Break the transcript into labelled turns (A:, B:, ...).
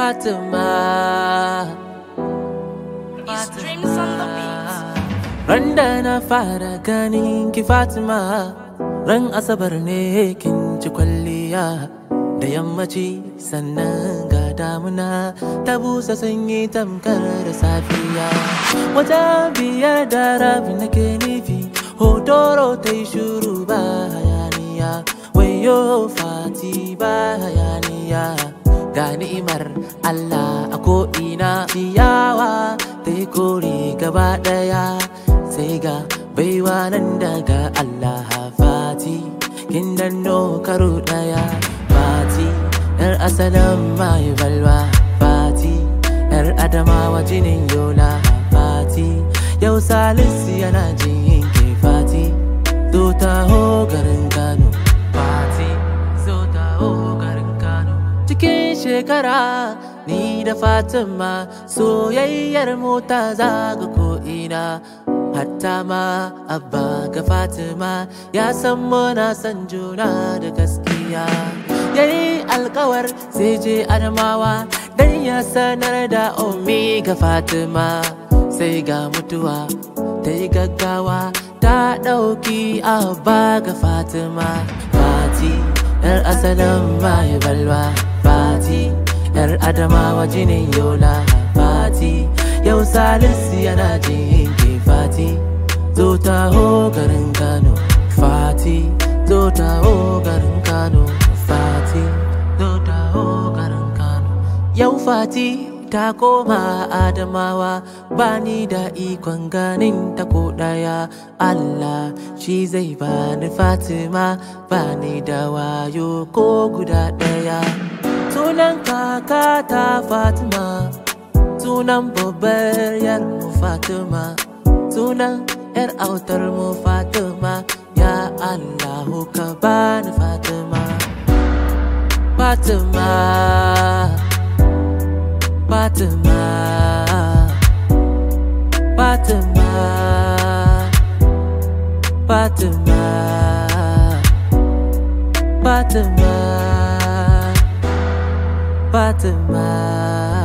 A: Fatima. the beat. da na fara ganin ki Fatima, ran Asabar ne kin ci kwalliya. Da yammaci sannan ga damuna ta busa sanyi tamkar da safiya. Wata biyar da rabi nake nufi, hodoro ta yi shuru ba hayaniya, wayo fati ba hayaniya. ga ni'imar Allah a ko'ina ciyawa ta yi kore gaba ɗaya sai ga baiwa nan daga Allah fati kin danno karo ɗaya fati yar asalin mai balwa fati yar adamawa jinin yola fati yau salisu yana jin ke fati to taho cikin shekara ni da fatima soyayyar mota zaga ko'ina hatta ma abba ga fatima ya san muna san juna da gaskiya yayi alkawar sai je adamawa dan ya sanar da omi ga fatima sai ga mutuwa ta yi gaggawa ta ɗauki abba ga fatima fati 'yar asalin mai balwa fati yar adamawa jinin yola fati yau salisu yana jin ke fati zo ta ho garin kano fati zo ta ho garin kano fati zo ta ho garin kano yau fati ta koma adamawa ba ni da ikon ganin ta ko Allah shi zai bani fatima ba ni da wayo ko guda ɗaya. Sunan kakata Fatima Sunan babbar mu Fatima Sunan yar autar mu Fatima Ya Allahu ka bani Fatima Fatima Fatima Fatima Fatima Fatima Fatima